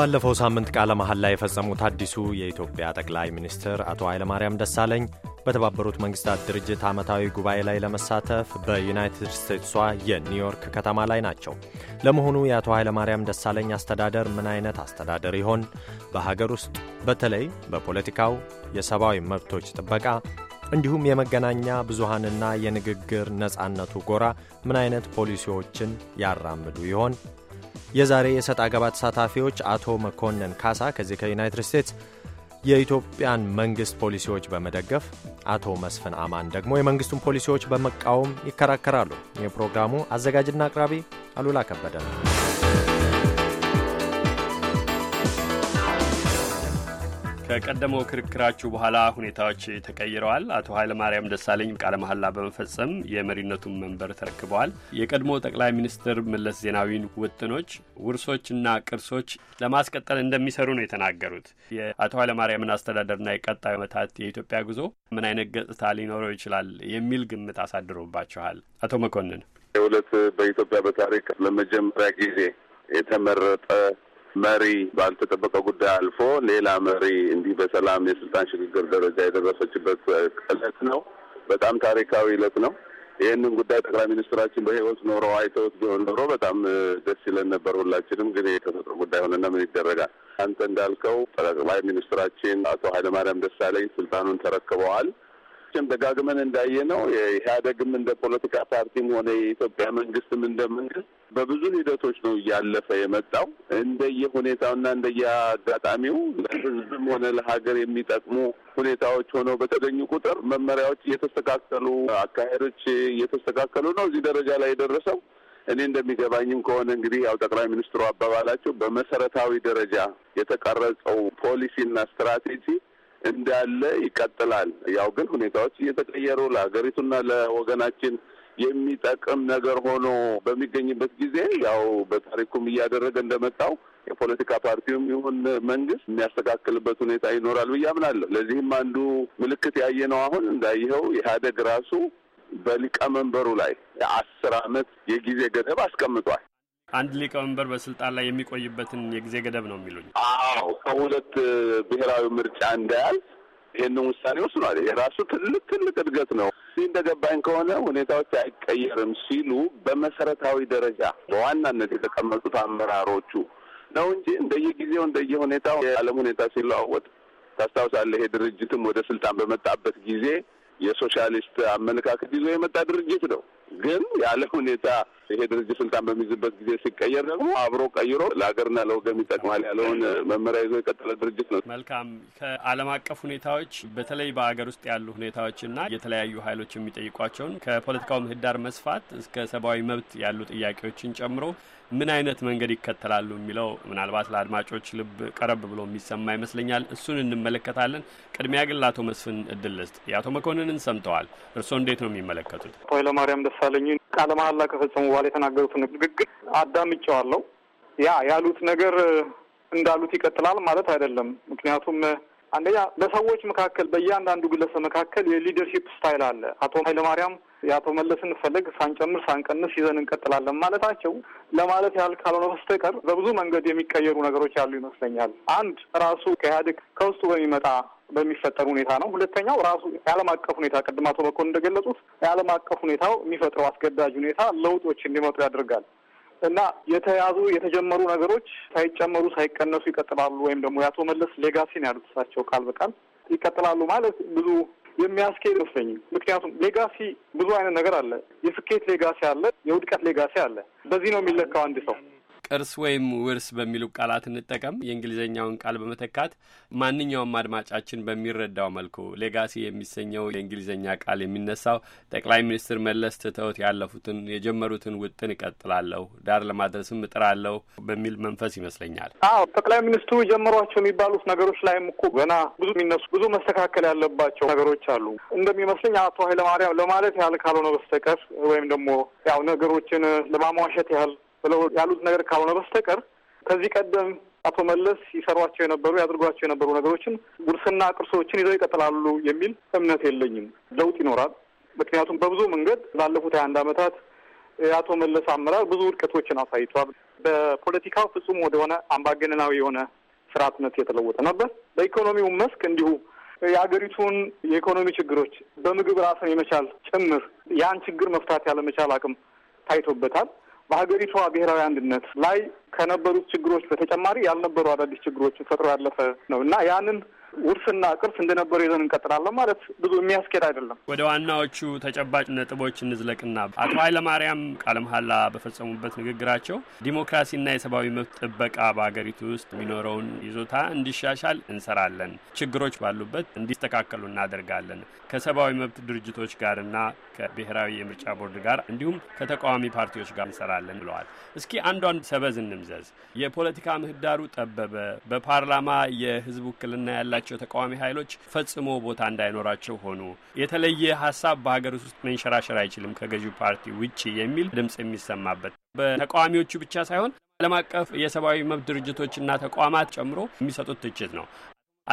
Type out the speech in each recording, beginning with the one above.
ባለፈው ሳምንት ቃለ መሐላ የፈጸሙት አዲሱ የኢትዮጵያ ጠቅላይ ሚኒስትር አቶ ኃይለማርያም ደሳለኝ በተባበሩት መንግስታት ድርጅት ዓመታዊ ጉባኤ ላይ ለመሳተፍ በዩናይትድ ስቴትሷ የኒውዮርክ ከተማ ላይ ናቸው። ለመሆኑ የአቶ ኃይለማርያም ደሳለኝ አስተዳደር ምን አይነት አስተዳደር ይሆን? በሀገር ውስጥ በተለይ በፖለቲካው፣ የሰብአዊ መብቶች ጥበቃ እንዲሁም የመገናኛ ብዙሃንና የንግግር ነጻነቱ ጎራ ምን አይነት ፖሊሲዎችን ያራምዱ ይሆን? የዛሬ የሰጥ አገባ ተሳታፊዎች አቶ መኮንን ካሳ ከዚህ ከዩናይትድ ስቴትስ የኢትዮጵያን መንግስት ፖሊሲዎች በመደገፍ አቶ መስፍን አማን ደግሞ የመንግስቱን ፖሊሲዎች በመቃወም ይከራከራሉ። የፕሮግራሙ አዘጋጅና አቅራቢ አሉላ ከበደ ነው። ከቀደመው ክርክራችሁ በኋላ ሁኔታዎች ተቀይረዋል። አቶ ኃይለማርያም ደሳለኝ ቃለ መሐላ በመፈጸም የመሪነቱን መንበር ተረክበዋል። የቀድሞ ጠቅላይ ሚኒስትር መለስ ዜናዊን ውጥኖች፣ ውርሶችና ቅርሶች ለማስቀጠል እንደሚሰሩ ነው የተናገሩት። የአቶ ኃይለማርያምን አስተዳደርና የቀጣዩ ዓመታት የኢትዮጵያ ጉዞ ምን አይነት ገጽታ ሊኖረው ይችላል የሚል ግምት አሳድሮባችኋል። አቶ መኮንን የሁለት በኢትዮጵያ በታሪክ ለመጀመሪያ ጊዜ የተመረጠ መሪ ባልተጠበቀ ጉዳይ አልፎ ሌላ መሪ እንዲህ በሰላም የስልጣን ሽግግር ደረጃ የደረሰችበት ዕለት ነው። በጣም ታሪካዊ እለት ነው። ይህንን ጉዳይ ጠቅላይ ሚኒስትራችን በህይወት ኖሮ አይተውት ቢሆን ኖሮ በጣም ደስ ይለን ነበር ሁላችንም። ግን የተፈጥሮ ጉዳይ ሆነና ምን ይደረጋል። አንተ እንዳልከው ጠቅላይ ሚኒስትራችን አቶ ኃይለማርያም ደሳለኝ ስልጣኑን ተረክበዋል። በፊታችን ደጋግመን እንዳየ ነው ኢህአደግም እንደ ፖለቲካ ፓርቲም ሆነ የኢትዮጵያ መንግስትም እንደ መንግስት በብዙ ሂደቶች ነው እያለፈ የመጣው። እንደየ ሁኔታውና እንደየ አጋጣሚው ለህዝብም ሆነ ለሀገር የሚጠቅሙ ሁኔታዎች ሆነው በተገኙ ቁጥር መመሪያዎች እየተስተካከሉ፣ አካሄዶች እየተስተካከሉ ነው እዚህ ደረጃ ላይ የደረሰው። እኔ እንደሚገባኝም ከሆነ እንግዲህ ያው ጠቅላይ ሚኒስትሩ አባባላቸው በመሰረታዊ ደረጃ የተቀረጸው ፖሊሲና ስትራቴጂ እንዳለ ይቀጥላል። ያው ግን ሁኔታዎች እየተቀየሩ ለሀገሪቱና ለወገናችን የሚጠቅም ነገር ሆኖ በሚገኝበት ጊዜ ያው በታሪኩም እያደረገ እንደመጣው የፖለቲካ ፓርቲውም ይሁን መንግስት የሚያስተካክልበት ሁኔታ ይኖራል ብዬ አምናለሁ። ለዚህም አንዱ ምልክት ያየነው አሁን እንዳየኸው ኢህአዴግ ራሱ በሊቀመንበሩ ላይ የአስር አመት የጊዜ ገደብ አስቀምጧል። አንድ ሊቀመንበር በስልጣን ላይ የሚቆይበትን የጊዜ ገደብ ነው የሚሉኝ። አዎ ከሁለት ብሔራዊ ምርጫ እንዳያል ይህንን ውሳኔ ወስኗል። የራሱ ትልቅ ትልቅ እድገት ነው። እንደገባኝ ከሆነ ሁኔታዎች አይቀየርም ሲሉ በመሰረታዊ ደረጃ በዋናነት የተቀመጡት አመራሮቹ ነው እንጂ እንደየጊዜው እንደየሁኔታው የዓለም ሁኔታ ሲለዋወጥ ታስታውሳለህ። ይሄ ድርጅትም ወደ ስልጣን በመጣበት ጊዜ የሶሻሊስት አመለካከት ይዞ የመጣ ድርጅት ነው። ግን ያለ ሁኔታ ይሄ ድርጅት ስልጣን በሚይዝበት ጊዜ ሲቀየር ደግሞ አብሮ ቀይሮ ለሀገርና ለወገን ይጠቅማል ያለውን መመሪያ ይዞ የቀጠለ ድርጅት ነው። መልካም። ከዓለም አቀፍ ሁኔታዎች በተለይ በሀገር ውስጥ ያሉ ሁኔታዎችና የተለያዩ ኃይሎች የሚጠይቋቸውን ከፖለቲካው ምህዳር መስፋት እስከ ሰብአዊ መብት ያሉ ጥያቄዎችን ጨምሮ ምን አይነት መንገድ ይከተላሉ የሚለው ምናልባት ለአድማጮች ልብ ቀረብ ብሎ የሚሰማ ይመስለኛል። እሱን እንመለከታለን። ቅድሚያ ግን ለአቶ መስፍን እድል ልስጥ። የአቶ መኮንንን ሰምተዋል። እርስዎ እንዴት ነው የሚመለከቱት? አቶ ኃይለማርያም ደሳለኝ ቃለ መሀላ ከፈጸሙ በኋላ የተናገሩትን ንግግር አዳምጨዋለሁ። ያ ያሉት ነገር እንዳሉት ይቀጥላል ማለት አይደለም። ምክንያቱም አንደኛ በሰዎች መካከል በእያንዳንዱ ግለሰብ መካከል የሊደርሺፕ ስታይል አለ። አቶ ኃይለማርያም የአቶ መለስን ፈለግ ሳንጨምር ሳንቀንስ ይዘን እንቀጥላለን ማለታቸው ለማለት ያህል ካልሆነ በስተቀር በብዙ መንገድ የሚቀየሩ ነገሮች ያሉ ይመስለኛል። አንድ ራሱ ከኢህአዴግ ከውስጡ በሚመጣ በሚፈጠር ሁኔታ ነው። ሁለተኛው ራሱ የዓለም አቀፍ ሁኔታ ቅድም አቶ በኮን እንደገለጹት የዓለም አቀፍ ሁኔታው የሚፈጥረው አስገዳጅ ሁኔታ ለውጦች እንዲመጡ ያደርጋል እና የተያዙ የተጀመሩ ነገሮች ሳይጨመሩ ሳይቀነሱ ይቀጥላሉ ወይም ደግሞ የአቶ መለስ ሌጋሲን ያሉት እሳቸው ቃል በቃል ይቀጥላሉ ማለት ብዙ የሚያስኬድ ይመስለኝ። ምክንያቱም ሌጋሲ ብዙ አይነት ነገር አለ። የስኬት ሌጋሲ አለ፣ የውድቀት ሌጋሲ አለ። በዚህ ነው የሚለካው አንድ ሰው ቅርስ ወይም ውርስ በሚሉ ቃላት እንጠቀም፣ የእንግሊዝኛውን ቃል በመተካት ማንኛውም አድማጫችን በሚረዳው መልኩ ሌጋሲ የሚሰኘው የእንግሊዝኛ ቃል የሚነሳው ጠቅላይ ሚኒስትር መለስ ትተውት ያለፉትን የጀመሩትን ውጥን እቀጥላለሁ፣ ዳር ለማድረስም እጥራለሁ በሚል መንፈስ ይመስለኛል። አዎ ጠቅላይ ሚኒስትሩ ጀምሯቸው የሚባሉት ነገሮች ላይም እኮ ገና ብዙ የሚነሱ ብዙ መስተካከል ያለባቸው ነገሮች አሉ። እንደሚመስለኝ አቶ ኃይለማርያም ለማለት ያህል ካልሆነ በስተቀር ወይም ደግሞ ያው ነገሮችን ለማሟሸት ያህል ብለው ያሉት ነገር ካልሆነ በስተቀር ከዚህ ቀደም አቶ መለስ ይሰሯቸው የነበሩ ያድርጓቸው የነበሩ ነገሮችን ጉርስና ቅርሶችን ይዘው ይቀጥላሉ የሚል እምነት የለኝም። ለውጥ ይኖራል። ምክንያቱም በብዙ መንገድ ላለፉት ሀያ አንድ ዓመታት የአቶ መለስ አመራር ብዙ ውድቀቶችን አሳይቷል። በፖለቲካው ፍጹም ወደሆነ አምባገነናዊ የሆነ ስርዓትነት የተለወጠ ነበር። በኢኮኖሚው መስክ እንዲሁ የአገሪቱን የኢኮኖሚ ችግሮች በምግብ ራስን የመቻል ጭምር ያን ችግር መፍታት ያለመቻል አቅም ታይቶበታል። በሀገሪቷ ብሔራዊ አንድነት ላይ ከነበሩት ችግሮች በተጨማሪ ያልነበሩ አዳዲስ ችግሮችን ፈጥሮ ያለፈ ነው እና ያንን ውርስና ቅርስ እንደነበሩ ይዘን እንቀጥላለን ማለት ብዙ የሚያስኬድ አይደለም። ወደ ዋናዎቹ ተጨባጭ ነጥቦች እንዝለቅና አቶ ኃይለማርያም ቃለ መሀላ በፈጸሙበት ንግግራቸው ዲሞክራሲና የሰብአዊ መብት ጥበቃ በሀገሪቱ ውስጥ የሚኖረውን ይዞታ እንዲሻሻል እንሰራለን፣ ችግሮች ባሉበት እንዲስተካከሉ እናደርጋለን፣ ከሰብአዊ መብት ድርጅቶች ጋርና ከብሔራዊ የምርጫ ቦርድ ጋር እንዲሁም ከተቃዋሚ ፓርቲዎች ጋር እንሰራለን ብለዋል። እስኪ አንዷን ሰበዝ እንምዘዝ። የፖለቲካ ምህዳሩ ጠበበ፣ በፓርላማ የህዝብ ውክልና ያላ ያላቸው ተቃዋሚ ኃይሎች ፈጽሞ ቦታ እንዳይኖራቸው ሆኑ። የተለየ ሀሳብ በሀገር ውስጥ መንሸራሸር አይችልም ከገዢው ፓርቲ ውጭ የሚል ድምጽ የሚሰማበት በተቃዋሚዎቹ ብቻ ሳይሆን ዓለም አቀፍ የሰብአዊ መብት ድርጅቶችና ተቋማት ጨምሮ የሚሰጡት ትችት ነው።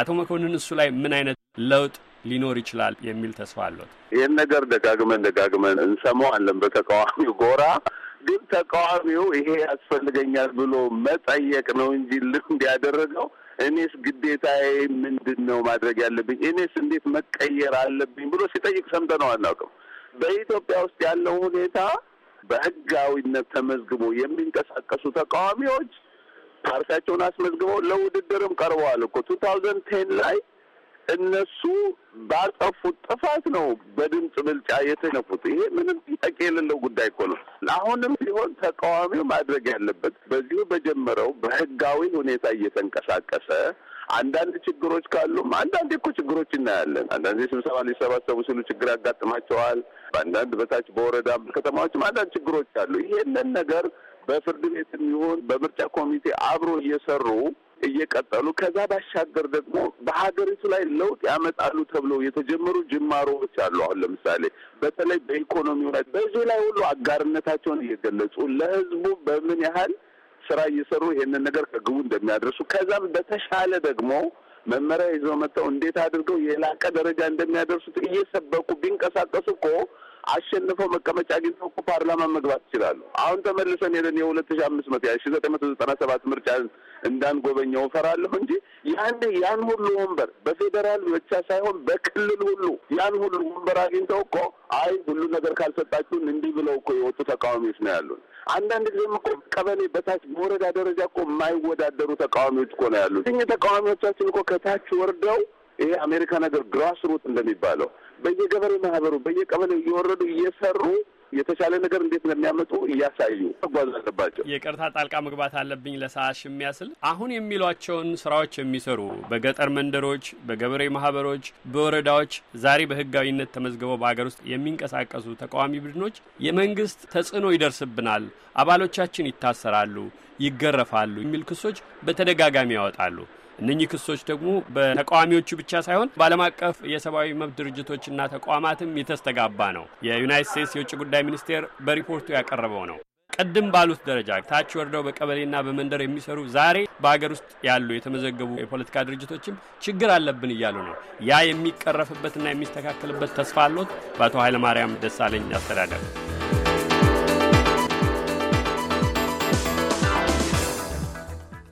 አቶ መኮንን እሱ ላይ ምን አይነት ለውጥ ሊኖር ይችላል የሚል ተስፋ አለት? ይህን ነገር ደጋግመን ደጋግመን እንሰማዋለን። በተቃዋሚ ጎራ ግን ተቃዋሚው ይሄ ያስፈልገኛል ብሎ መጠየቅ ነው እንጂ ልክ ያደረገው እኔስ ግዴታዬ ምንድን ነው ማድረግ ያለብኝ፣ እኔስ እንዴት መቀየር አለብኝ ብሎ ሲጠይቅ ሰምተነው አናውቅም። በኢትዮጵያ ውስጥ ያለው ሁኔታ በህጋዊነት ተመዝግቦ የሚንቀሳቀሱ ተቃዋሚዎች ፓርቲያቸውን አስመዝግበው ለውድድርም ቀርበዋል እኮ ቱ ታውዘንድ ቴን ላይ እነሱ ባጠፉት ጥፋት ነው በድምፅ ብልጫ የተነፉት። ይሄ ምንም ጥያቄ የሌለው ጉዳይ እኮ ነው። አሁንም ቢሆን ተቃዋሚው ማድረግ ያለበት በዚሁ በጀመረው በህጋዊ ሁኔታ እየተንቀሳቀሰ አንዳንድ ችግሮች ካሉም አንዳንዴ እኮ ችግሮች እናያለን። አንዳንዴ ስብሰባ ሊሰባሰቡ ሲሉ ችግር ያጋጥማቸዋል። በአንዳንድ በታች በወረዳ ከተማዎችም አንዳንድ ችግሮች አሉ። ይሄንን ነገር በፍርድ ቤትም ይሁን በምርጫ ኮሚቴ አብሮ እየሰሩ እየቀጠሉ ከዛ ባሻገር ደግሞ በሀገሪቱ ላይ ለውጥ ያመጣሉ ተብለው የተጀመሩ ጅማሮዎች አሉ። አሁን ለምሳሌ በተለይ በኢኮኖሚው ላይ በዚህ ላይ ሁሉ አጋርነታቸውን እየገለጹ ለህዝቡ በምን ያህል ስራ እየሰሩ ይሄንን ነገር ከግቡ እንደሚያደርሱ ከዛም በተሻለ ደግሞ መመሪያ ይዘው መጥተው እንዴት አድርገው የላቀ ደረጃ እንደሚያደርሱት እየሰበኩ ቢንቀሳቀሱ እኮ አሸንፈው መቀመጫ አግኝተው እኮ ፓርላማ መግባት ይችላሉ። አሁን ተመልሰን ሄደን የሁለት ሺ አምስት መቶ ሺ ዘጠኝ መቶ ዘጠና ሰባት ምርጫ እንዳንጎበኘው እፈራለሁ እንጂ ያን ያን ሁሉ ወንበር በፌዴራል ብቻ ሳይሆን በክልል ሁሉ ያን ሁሉ ወንበር አግኝተው እኮ አይ ሁሉ ነገር ካልሰጣችሁን እንዲህ ብለው እኮ የወጡ ተቃዋሚዎች ነው ያሉን። አንዳንድ ጊዜም እኮ ቀበሌ በታች በወረዳ ደረጃ እኮ የማይወዳደሩ ተቃዋሚዎች እኮ ነው ያሉት። እኛ ተቃዋሚዎቻችን እኮ ከታች ወርደው ይሄ አሜሪካ ነገር ግራስ ሩት እንደሚባለው በየገበሬ ማህበሩ በየቀበሌው እየወረዱ እየሰሩ የተሻለ ነገር እንዴት እንደሚያመጡ እያሳዩ መጓዝ አለባቸው። የቅርታ ጣልቃ መግባት አለብኝ ለሰዓት የሚያስል አሁን የሚሏቸውን ስራዎች የሚሰሩ በገጠር መንደሮች፣ በገበሬ ማህበሮች፣ በወረዳዎች ዛሬ በህጋዊነት ተመዝግበው በሀገር ውስጥ የሚንቀሳቀሱ ተቃዋሚ ቡድኖች የመንግስት ተጽዕኖ ይደርስብናል፣ አባሎቻችን ይታሰራሉ፣ ይገረፋሉ የሚል ክሶች በተደጋጋሚ ያወጣሉ። እነኚህ ክሶች ደግሞ በተቃዋሚዎቹ ብቻ ሳይሆን በዓለም አቀፍ የሰብአዊ መብት ድርጅቶችና ተቋማትም የተስተጋባ ነው። የዩናይት ስቴትስ የውጭ ጉዳይ ሚኒስቴር በሪፖርቱ ያቀረበው ነው። ቀድም ባሉት ደረጃ ታች ወርደው በቀበሌና በመንደር የሚሰሩ ዛሬ በሀገር ውስጥ ያሉ የተመዘገቡ የፖለቲካ ድርጅቶችም ችግር አለብን እያሉ ነው። ያ የሚቀረፍበትና የሚስተካከልበት ተስፋ አሎት በአቶ ኃይለማርያም ደሳለኝ አስተዳደር